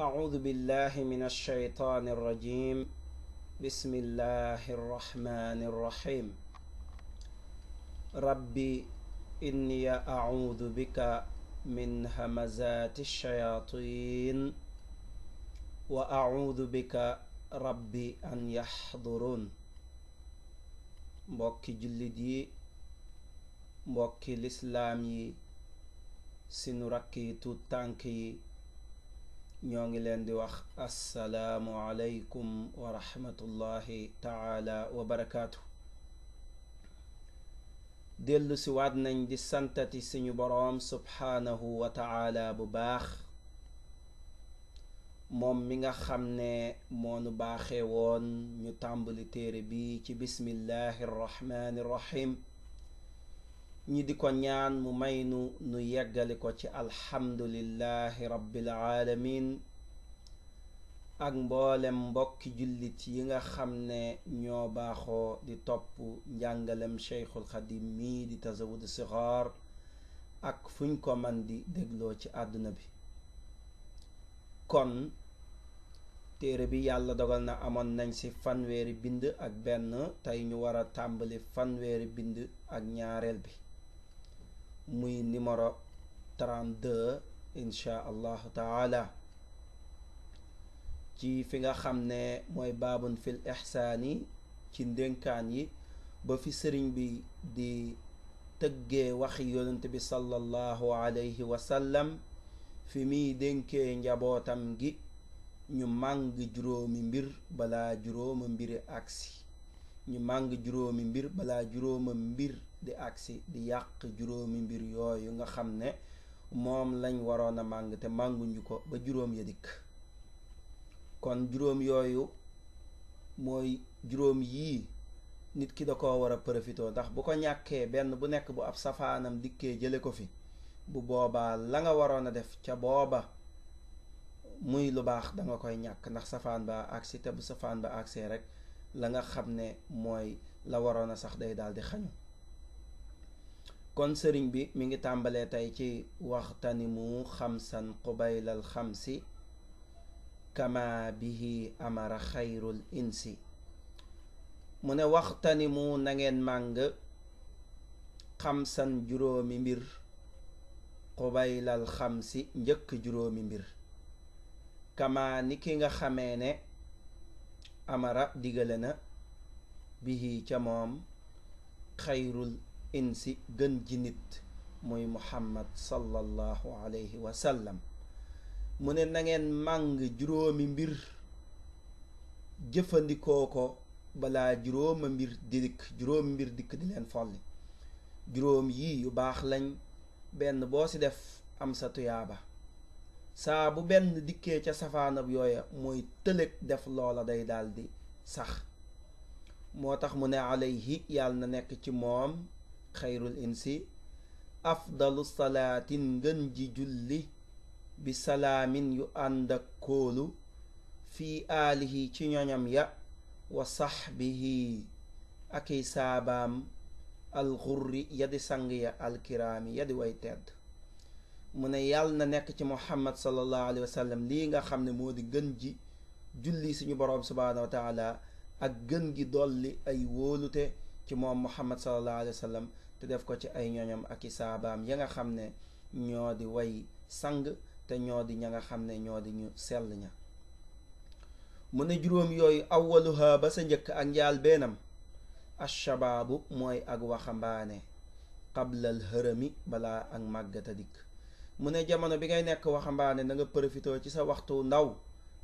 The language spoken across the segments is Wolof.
أعوذ بالله من الشيطان الرجيم بسم الله الرحمن الرحيم ربي إني أعوذ بك من همزات الشياطين وأعوذ بك ربي أن يحضرون mbokki jullit yi mbokki lislaam yi sinu rakk yi tuut tànk yi ñoo ngi leen di wax assalaamu aleykum wa rahmatullahi taala wa barakaatu si waat nañ di santati suñu boroom subhaanahu wa taala bu baax moom mi nga xam ne moonu baaxe woon ñu tàmbali téere bi ci bismillahi arrahmaani irrahim ñi di ko ñaan mu may nu nu yeggali ko ci alhamdulillahi rabbil alamin ak mboolem mbokki jullit yi nga xam ne ñoo baaxoo di topp njàngalem cheikhul xadim mii di tazawud sixaar ak fuñ ko man di dégloo ci àdduna bi kon téere bi yàlla dogal na amoon nañ ci fanweeri bind ak benn tey ñu war a tàmbali fanweeri bind ak ñaareel bi muy numéro 32 insha allahu taala ci fi nga xam ne mooy baabun fil ixsaani ci ndénkaan yi ba fi sëriñ bi di tëggee wax yonent bi sallallahu alayhi wa fi muy dénkee njabootam gi ñu màng juróomi mbir balaa juróoma mbiri agsi ñu màng juróomi mbir balaa juróoma mbir di aksi di yàq juróomi mbir yooyu nga xam ne moom lañ waroon a màng te mànguñu ko ba juróom ya dikk kon juróom yooyu mooy juróom yii nit ki da koo war a profitoo ndax bu ko ñàkkee benn bu nekk bu ab safaanam dikkee jële ko fi bu boobaa la nga waroon a def ca booba muy lu baax da nga koy ñàkk ndax safaan ba aksi te bu safaan ba agsee rek la nga xam ne mooy la waroon a sax day daal di xañu kon sëriñ bi mu ngi tàmbalee tey ci waxtani mu xamsan qubaylal xamsi kama bihi amara xayrul insi mu ne waxtani mu na ngeen màng xamsan juróomi mbir qubaylal xamsi njëkk juróomi mbir kama ni ki nga xame ne amara digale na bihi ca moom xayrul insi gën ji nit muy muhammad sallallahu alayhi wa sallam mu ne nangeen màng juróomi mbir jëfandikoo ko balaa juróoma mbir di dikk juróomi mbir dikk di leen folli juróom yii yu baax lañ benn boo ci def am sa tuyaaba saa bu benn dikkee ca safaanab yooya mooy tëlëg def loola day daldi sax moo tax mu ne alayhi yàlla na nekk ci moom xayrul insi afdalu salaatin ngën ji julli bi salaamin yu ànd ak kóolu fii aalihi ci ñoñam ya wa saxbihi aki saabaam alxurri yadi sang ya alkiraami yadi way tedd mu ne yàlla na nekk ci muhammad sallallahu alayhi wa sallam nga xam ne moo di gën ji julli suñu boroom subhaanahu wa taala ak gën gi dolli ay wóolute ci moom muhammad sallallahu alayhi wa sallam te def ko ci ay ñoñam ak i saabaam ya nga xam ne ñoo di way sang te ñoo di ña nga xam ne ñoo di ñu sell ña mu ne juróom yooyu awwaluha ba sa njëkk ak njaal beenam ashabaabu mooy ak waxambaane qablal hërami balaa ak màggata dikk mu ne jamono bi ngay nekk waxambaane na nga profitoo ci sa waxtu ndaw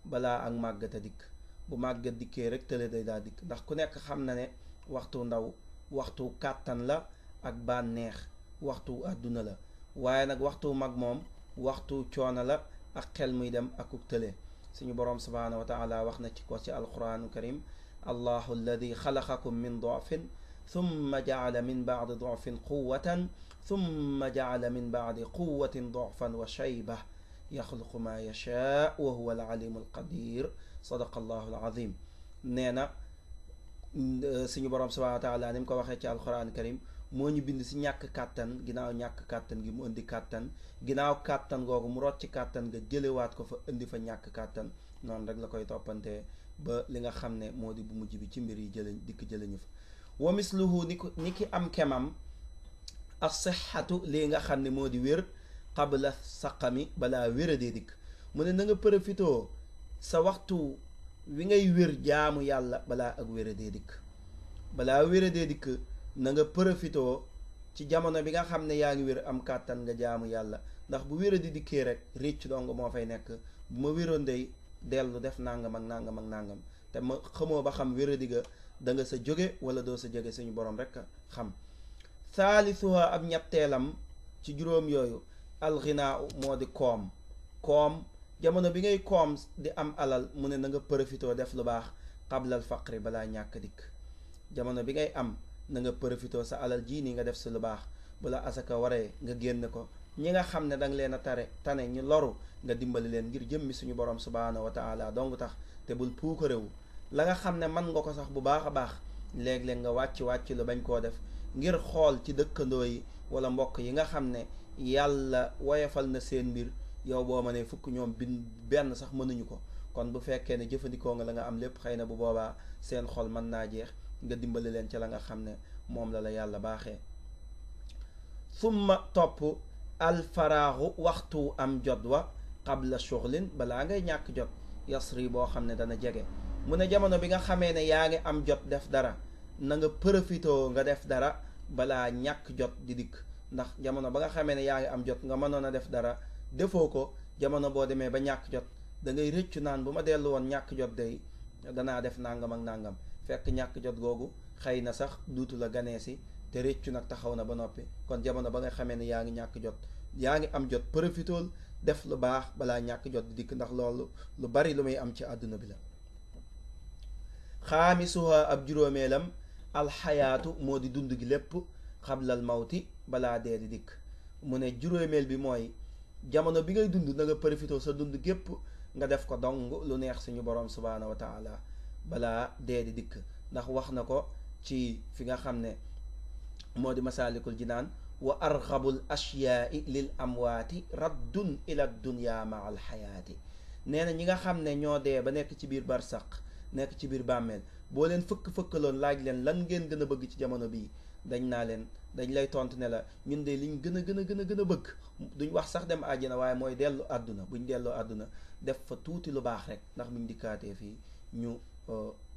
balaa ak màggata dikk bu màggat dikkee rek tële day daa dikk ndax ku nekk xam na ne waxtu ndaw waxtu katan la ak banex waxtu aduna la waye nak waxtu mag mom waxtu choona la ak xel muy dem ak ku tële suñu borom subhanahu wa taala waxna ci ko ci alquran karim allahu alladi xalaqakum min dofin ثم جعل من بعد ضعف قوة ثم جعل من بعد قوة ضعفا وشيبة يخلق ما يشاء وهو العليم القدير صدق الله العظيم نينا Euh, suñu borom subhanahu wa taala ni mu ko waxee ci alquran karim moo ñu bind si ñàkk kàttan ginnaaw ñàkk kàttan gi mu indi kàttan ginnaaw kàttan googu mu rot ci kàttan nga jëlewaat ko fa indi fa ñàkk kàttan noonu rek la koy toppantee ba li nga xam ne moo di bu mujj bi ci mbir yi jële dikk jëleñu fa wa misluhu ni ko ki am kemam as-sihhatu lii nga xam ne moo di wér qabla saqami balaa wéradee dikk mu ne na nga profitoo sa waxtu wi ngay wér jaamu yàlla balaa ak wéradee dikk balaa wéradee dikk na nga profitoo ci jamono bi nga xam ne yaa ngi wér am kàttan nga jaamu yàlla ndax bu wéradi dikkee rek ricc dong moo fay nekk bu ma wéroon day dellu def nangam ak nangam ak nangam te ma xamoo ba xam wéradi ga da sa jóge wala doo sa jóge suñu borom rek xam thaalisuha ab ñetteelam ci juróom yooyu alxinaa moo di koom koom jamono bi ngay koom di am alal mu ne na nga profitoo def lu baax xablal faqri balaa ñàkk dikk jamono bi ngay am na nga profitoo sa alal jii ni nga def si lu baax bu la asaka waree nga génn ko ñi nga xam ne danga leen a tare tane ñu loru nga dimbali leen ngir jëmmi suñu borom subhaanahu wa taala dong tax te bul puuka réew la nga xam ne man nga ko sax bu baax a baax léeg leen nga wàcc wàcc lu bañ koo def ngir xool ci dëkkandoo yi wala mbokk yi nga xam ne yàlla woyafal na seen mbir yow bo mané fukk ñom bin ben sax mënuñu ko kon bu fekkee né jëfëndiko nga la nga am lépp xeyna bu boba seen xol man na jeex nga dimbalé len ci la nga xamné mom moom la la yàlla baaxee summa al faragh waqtu am jodwa qabla shughlin bala ngay ñak jot yasri bo xamné dana jégé mu né jamono bi nga xamé né ya nga am jot def dara na nga profito nga def dara bala ñak jot di dik ndax jamono ba nga xamé né ya nga am jot nga mënon na def dara defoo ko jamono boo demee ba ñàkk jot da ngay rëccu naan bu ma dellu woon ñàkk jot day danaa def nangam ak nàngam fekk ñàkk jot googu xëy na sax duutu la ganee si te rëccu nag taxaw na ba noppi kon jamono ba nga xamee ne yaa ngi ñàkk jot yaa ngi am jot profitool def lu baax balaa ñàkk jot di dikk ndax loolu lu bari lu muy am ci àdduna bi la xaamisuha ab juróomeelam alxayaatu moo di dund gi lépp xablal mawti balaa dee di dikk mu ne juróomeel bi mooy jamono bi ngay dund na nga profité sa dund gépp nga def ko dong lu neex suñu borom subhaanahu wa taala balaa dee di dikk ndax wax na ko ci fi nga xam ne moo di masaalikul jinaan wa arxabul ashyaai lil amwaati raddun ila dunya ma al xayaati nee na ñi nga xam ne ñoo dee ba nekk ci biir barsaq nekk ci biir bàmmeel boo leen fëkk-fëkkaloon laaj leen lan ngeen gën a bëgg ci jamono bii dañ naa leen dañ lay tontu ne la ñun de liñ gën a gën a gën a gën a bëgg duñ wax sax dem àjjana waaye mooy dellu àdduna buñ delloo àdduna def fa tuuti lu baax rek ndax buñ dikkaatee fii ñu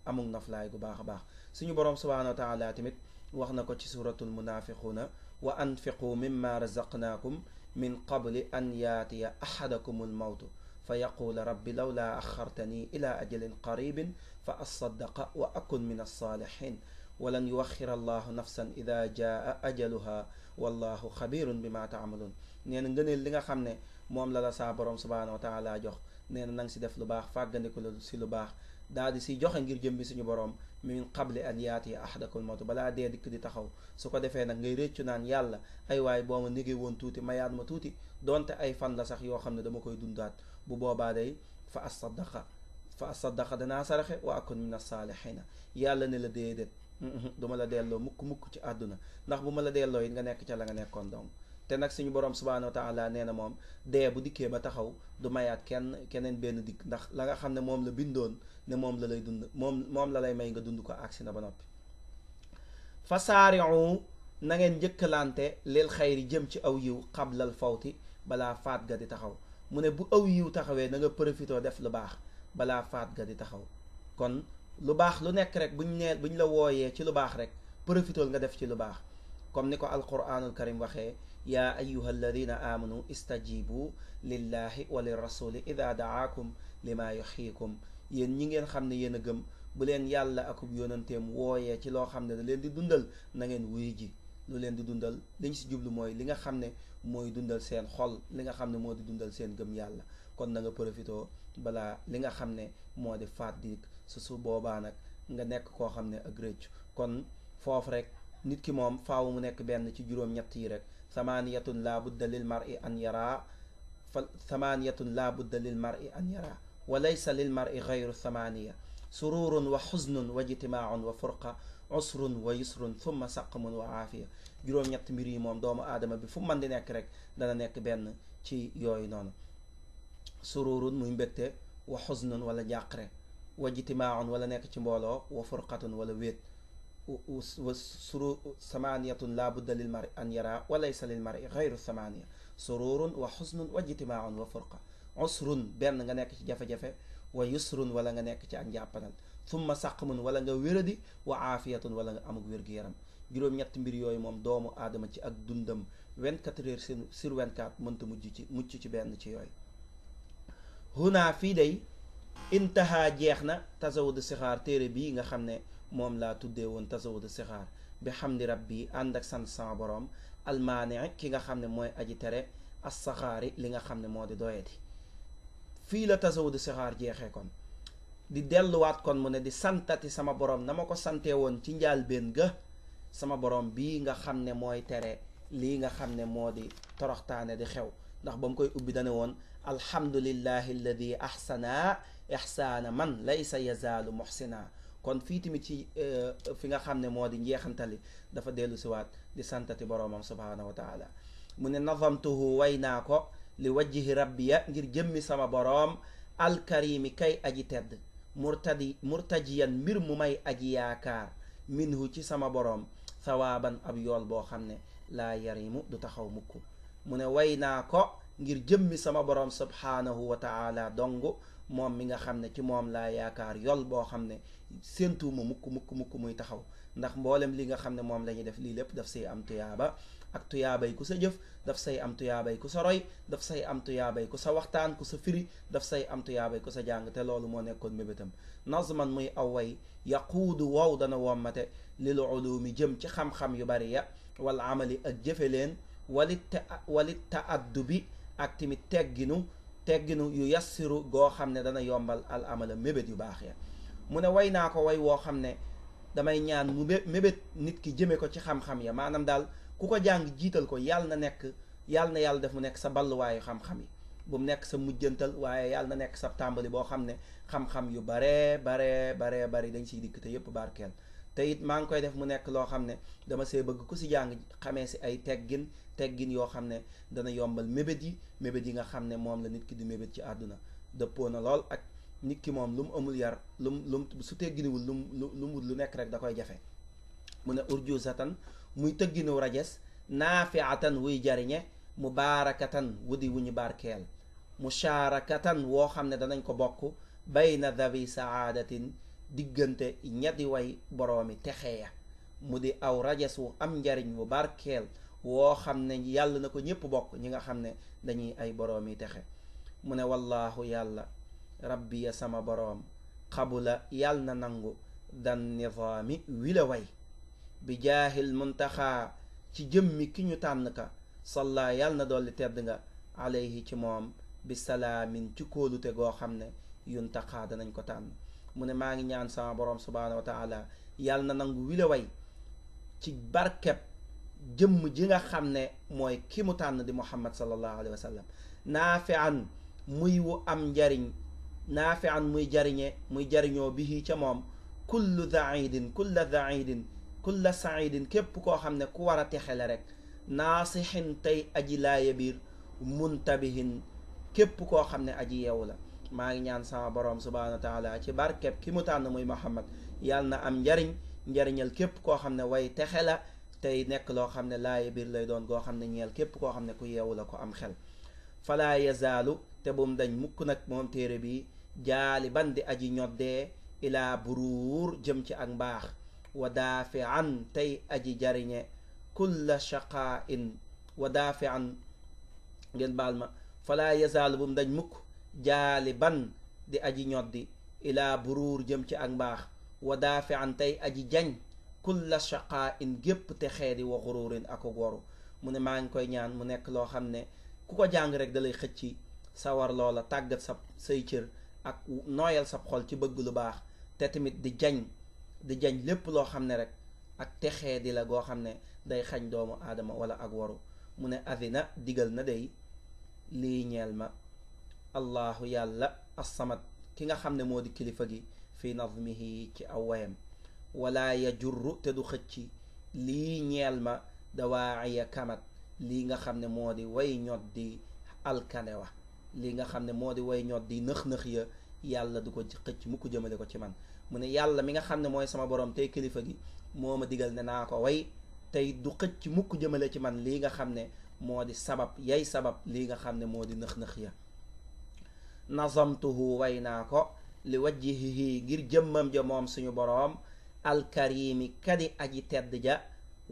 amul naflaay gu baax a baax suñu borom subhanahu wa taala tamit wax na ko ci suratul munafiquna wa anfiqu mimma razaqnakum min qabli an yaatiya ahadakum al mawtu fa yaqul rabbi lawlaa akhartani ila ajalin qaribin fa asaddaqa wa akun min alsaalihin walan yuwaxira allahu nafsan ida jaa ajaluha wallahu xabirun bi ma taamaluun nee na ngëneel li nga xam ne moom la la saa borom subhanahu wa taala jox nee na nanga si def lu baax fàggandiku la si lu baax daal di si jox ngir jëm bi suñu borom min qabli an yaati ahadakum mawtu balaa dee dikk di taxaw su ko defee nag ngay réccu naan yàlla ay waay boo ma nigee woon tuuti mayaat ma tuuti donte ay fan la sax yoo xam ne dama koy dundaat bu boobaa day fa asadaqa fa asadaqa danaa saraxe wa akun min asaalihina yàlla ne la déedéet Mhm. du la delloo mukk mukk ci àdduna ndax bu ma la delloo it nga nekk ca la nga nekkoon donc te nag suñu borom subhaanahu wa taala nee na moom dee bu dikkee ba taxaw du mayaat kenn keneen benn dikk ndax la nga xam ne moom la bindoon ne moom la lay dund moom moom la lay may nga dund ko agsi na ba noppi fa saariu na ngeen njëkkalante lil xayri jëm ci aw yiw xablal fawti balaa faat ga di taxaw mu ne bu aw yiw taxawee na nga profitoo def lu baax balaa faat ga di taxaw lu baax lu nekk rek bu ñu nee bu ñu la wooyee ci lu baax rek profitool nga def ci lu baax comme ni ko alquranul karim waxee yaa ayuha alladina amanu istajibu lillahi wa lirrasuli ida daakum lima yuxiikum yéen ñi ngeen xam ne yéen a gëm bu leen yàlla akub yónanteem wooyee ci loo xam ne da leen di dundal na ngeen wuy ji lu leen di dundal liñ si jublu mooy li nga xam ne mooy dundal seen xol li nga xam ne moo di dundal seen gëm yàlla kon na nga profitoo balaa li nga xam ne moo di faat di su su boobaa nag nga nekk koo xam ak rëcc kon foofu rek nit ki moom faaw mu nekk benn ci juróom-ñett yi rek samaaniyatun laa budda lil mar an yaraa fa samaaniyatun laa budda lil mar an yaraa wa laysa lil mar i xayru sururun wa xuznun wa jitimaacun wa furqa usrun wa yusrun thumma saqmun wa aafiya juróom-ñett mbir yi moom doomu aadama bi fu man di nekk rek dana nekk benn ci yooyu noonu sururun muy mbégte wa xusnun wala jàqare wa jitimaun wala nekk ci mbooloo wa furqatun wala wéet wa suru samaniyatun laa budda lil mari an yara wa laysa lil mari xayru samaniya sururun wa xusnun wa jitimaun wa furqa usrun benn nga nekk ci jafe-jafe wa yusrun wala nga nekk ci ak njàppanal thumma saqmun wala nga wéradi wa aafiyatun wala nga amuk wér-gu-yaram juróom-ñett mbir yooyu moom doomu aadama ci ak dundam 24 heures sur 24 mënta mujj ci mucc ci benn ci yooyu huna fii day intaha jeex na tasawudu sixaar téere bii nga xam ne moom laa tuddee woon tasawudu sixaar bi xam rab bii ànd ak sant sama boroom almaane ki nga xam ne mooy aji tere as saxaari li nga xam ne moo di doyati fii la tasawudu sixaar jeexee kon di delluwaat kon mu ne di santati sama boroom na ma ko santee woon ci njaalbeen ga sama boroom bii nga xam ne mooy tere lii nga xam ne moo di toroxtaane di xew ndax boom koy ubbi dane woon alhamdulillahi alladi ahsana ihsaana man laysa yazaalu muhsina kon fii tamit ci eh, fi nga xam ne moo di njeexantali dafa dellu siwaat di santati boroomam subhaanahu wa taala mu ne nazamtuhu way naa ko li wajjihi rabbiya ngir jëmmi sama boroom alkarimi kay aji tedd murtadi murtajiyan mbir mu may aji yaakaar minhu ci sama borom sawaaban ab yool boo xam ne laa yarimu du taxaw mukk mu ne way naa ko ngir jëmmi sama borom subhaanahu wa taala dong moom mi nga xam ne ci moom laa yaakaar yol boo xam ne mu mukk mukk mukk muy taxaw ndax mboolem li nga xam ne moom la def lii lépp daf say am tuyaaba ak tuyaabay ku sa jëf daf say am tuyaabay ku sa roy daf say am tuyaabay ku sa waxtaan ku sa firi daf say am tuyaabay ku sa jàng te loolu moo nekkoon mébétam nazman muy away way yaquudu wow dana wommate lil ulumi jëm ci xam-xam yu bari ya wal amali ak jëfe leen walit walit taaddu bi ak tamit tegginu tegginu yu yassiru goo xam ne dana yombal al mébét yu baax ya mu ne way naa ko way woo xam ne damay ñaan mu mébét nit ki jëme ko ci xam-xam ya maanaam daal ku ko jàng jiital ko yàlla na nekk yàlla na yàlla def mu nekk sa balluwaayu xam-xam yi bu mu nekk sa mujjantal waaye yàlla na nekk sa tàmbali boo xam ne xam-xam yu baree baree bare bari dañ siy dikk te yëpp barkeel te it maa ngi koy def mu nekk loo xam ne dama see bëgg ku si jàng xamee si ay teggin teggin yoo xam ne dana yombal mébét yi mébét yi nga xam ne moom la nit ki di mébét ci àdduna dëppoo na lool ak nit ki moom lu mu amul yar lu mu lu su tegginiwul lu mu lu mu lu nekk rek da koy jafe mu ne urjuzatan muy tëgginu rajes naafiatan wuy jariñe mubaarakatan wudi wu ñu barkeel musharakatan woo xam ne danañ ko bokk bayna dawi saadatin diggante ñetti way boroomi texe ya mu di aw rajas wu am njariñ wu barkeel woo xam ne yàlla na ko ñëpp bokk ñi nga xam ne dañuy ay boroomi texe mu ne wallaahu yàlla rabbi ya sama boroom xabula yàlla na nangu dan nizaami wila way bi jaahil muntaxaa ci jëmmi ki ñu tànn ka salla yàlla na dolli tedd nga alayhi ci moom bi salaamin ci kóolute goo xam ne yuntaxaa danañ ko tànn mu ne maa ngi ñaan sama borom subhaanahu wa taala yàlla na nangu wila way ci barkeb jëmm ji nga xam ne mooy ki mu tànn di muhammad sallallahu alayhi wa sallam naafi am njariñ naafi an muy jariñe muy jariñoo bihi ca moom kullu daidin kulla daidin kulla saidin képp koo xam ne ku war a texele rek naasixin tey aji laaye biir muntabihin képp koo xam ne aji yeewu la maa ngi ñaan sama borom subhaanahu wa taala ci barkeb ki mu tànn muy Muhammad yàlla na am njariñ njariñal képp koo xam ne way texe la tey nekk loo xam ne laaye biir lay doon goo xam ne ñeel képp koo xam ne ku yeewu la ko am xel falaa yazaalu te bum dañ mukk nag moom téere bi jaali ban aji ñoddee ilaa buruur jëm ci ak mbaax wa tey aji jariñe kulla shaqaa in wa daafi an ngeen baal ma falaa yazaalu bum dañ mukk jaali ban di aji ñoddi ilaa buruur jëm ci ak mbaax wa daafi an tey aji jañ kulla shaqaa in gépp te xeedi wa xururin ak woru mu ne maa ngi koy ñaan mu nekk loo xam ne ku ko jàng rek dalay xëcc sawar loola tàggat sa say cër ak nooyal sa xol ci bëgg lu baax te tamit di jañ di jañ lépp loo xam ne rek ak texee di la goo xam ne day xañ doomu aadama wala ak waru mu ne adina digal na day lii ñeel ma allahu yàlla assamad ki nga xam ne moo di kilifa gi fi nazmihi ci aw wayam wala yajurru te du xëcc lii ñeel ma dawaaya kamat lii nga xam ne moo di way ñot di alkane wa lii nga xam ne moo di way ñot di nëx-nëx ya yàlla du ko xëcc mukk jëmale ko ci man mu ne yàlla mi nga xam ne mooy sama borom tey kilifa gi moo ma digal ne naa ko way tey du xëcc mukk jëmale ci man lii nga xam ne moo di sabab yey sabab lii nga xam ne moo di nëx-nëx ya nazamtuhu way naa ko li wajjihi ngir jëmmam ja moom suñu boroom alkarimi kadi aji tedd ja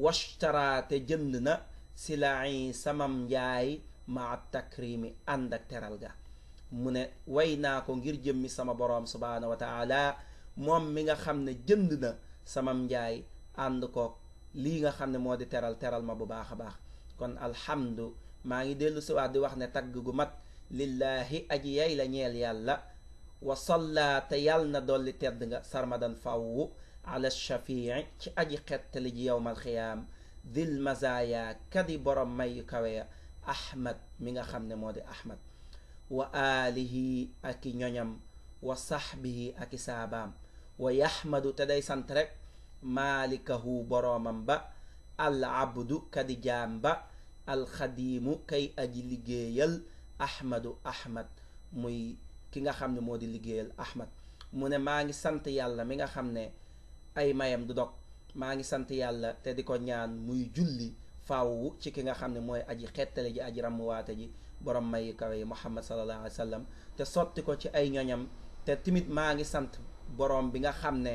washtara jënd na silaayi samam njaay maa takrimi ànd ak teral ga mu ne way naa ko ngir jëmmi sama boroom subhaanahu wa moom mi nga xam ne jënd na samam njaay ànd ko lii nga xam ne moo di teral teral ma bu baax a baax kon alhamdu maa ngi dellu siwaat di wax ne tagg gu mat lillaahi aj yay la ñeel yàlla wa sallaata yàll na dolli tedd nga sarmadan fàwwu ala shafii ci aji xettali ji yowmal xiyaam dil mazaaya kadi borom may kaweya ahmad mi nga xam ne moo di ahmad wa aalihi ak ñoñam wa saxbihi ak i saabaam wa yaxmadu te day sant rek maalikahu boroomam ba al abdu kadi jaam ba alxadiimu kay aji liggéeyal ahmadu ahmad muy ki nga xam ne moo di liggéeyal ahmad mu ne maa ngi sant yàlla mi nga xam ne ay mayam du dog maa ngi sant yàlla te di ko ñaan muy julli faw ci ki nga xam ne mooy aji xettale ji aji ràmmwaate ji borom may kawe yi muhammad sallallahu alayhi wa sallam te sotti ko ci ay ñoñam te timit maa ngi sant borom bi nga xam ne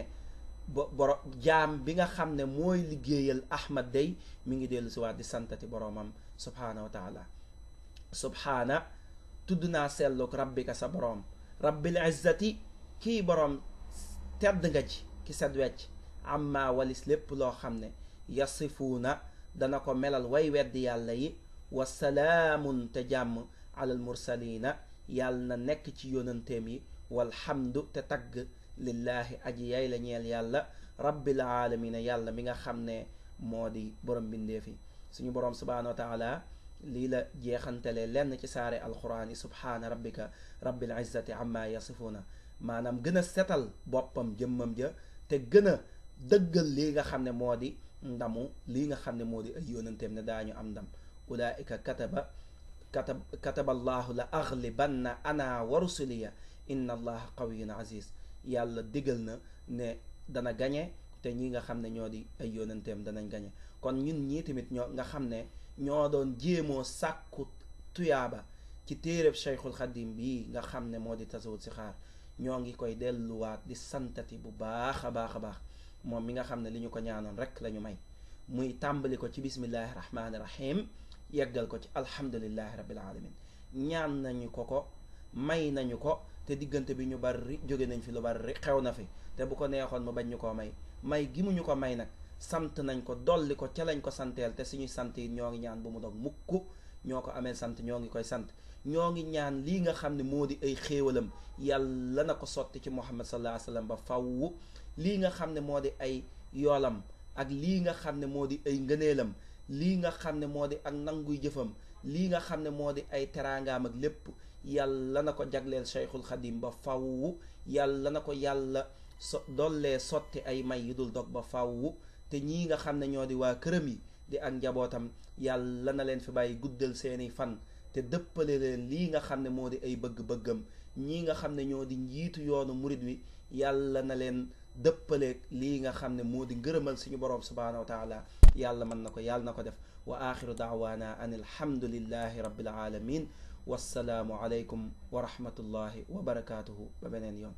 borom jaam bi nga xam ne mooy liggéeyal ahmad day mi ngi dellu si waat di santati boromam subhaanahu wa taala subhaana tudd naa selluk rabbika sa boroom rabbil izzati kii boroom tedd nga ji sa set wecc amma walis lépp loo xam ne yasifuuna dana ko melal way weddi yàlla yi te jàmm alal mursaliina yàlla na nekk ci yónanteem wal walhamdu te tagg lillaahi aji yay la ñeel yàlla rabbil aalamiina yàlla mi nga xam ne moo di borom bindeefi suñu borom subhaanahu wa taala lii la jeexantale lenn ci saare alxuraan yi subhaana rabbika rabbil izzati amma yasifuuna maanaam gën a setal boppam jëmmam ja te gën a dëggal lii nga xam ne moo di ndamu lii nga xam ne moo di ay yoonanteem ne daañu am ndam ulaika kataba katab kataba allahu la aghlibanna ana wa rusuliya inna allaha qawiyun aziz yàlla digal na ne dana gañe te ñi nga xam ne ñoo di ay yónanteem danañ gañe kon ñun ñii tamit ñoo nga xam ne ñoo doon jéemoo sàkku tuyaaba ci téereb Cheikhul Xadim bii nga xam ne moo di tasawut si xaar ñoo ngi koy delluwaat di santati bu baax a baax a baax moom mi nga xam ne li ñu ko ñaanoon rek la ñu may muy tàmbali ko ci bismillahi rahmaani rahim yeggal ko ci alhamdulillahi rabbil alamin ñaan nañu ko ko may nañu ko te diggante bi ñu bari jóge nañu fi lu bari xew na fi te bu ko neexoon mu bañ ñu ko may may gi mu ñu ko may nag sant nañ ko dolli ko ca lañ ko santeel te suñuy sant yi ñoo ngi ñaan bu mu dog mukk ñoo ko amee sant ñoo ngi koy sant ñoo ngi ñaan lii nga xam ne moo di ay xéewalam yàlla na ko sotti ci muhammad sallallahu alayhi wa sallam ba faww lii nga xam ne moo di ay yoolam ak lii nga xam ne moo di ay ngëneelam lii nga xam ne moo di ak nanguy jëfam lii nga xam ne moo di ay teraangaam ak lépp yàlla na ko jagleel cheikhul xadim ba faww yàlla na ko yàlla so dollee sotti ay may yu dul dog ba faww te ñii nga xam ne ñoo di waa këram yi di ak njabootam yàlla na leen fi bàyyi guddal seeni fan te dëppale leen lii nga xam ne moo di ay bëgg-bëggam ñii nga xam ne ñoo di njiitu yoonu murit wi yàlla na leen dëppaleeg lii nga xam ne moo di ngërëmal suñu boroom subhaanahu wa taala yàlla mën na ko yàlla na ko def wa axiru daawaana an alhamdulillahi rabbil alamin wassalaamu aleykum wa rahmatullahi wa barakaatuhu ba beneen yoon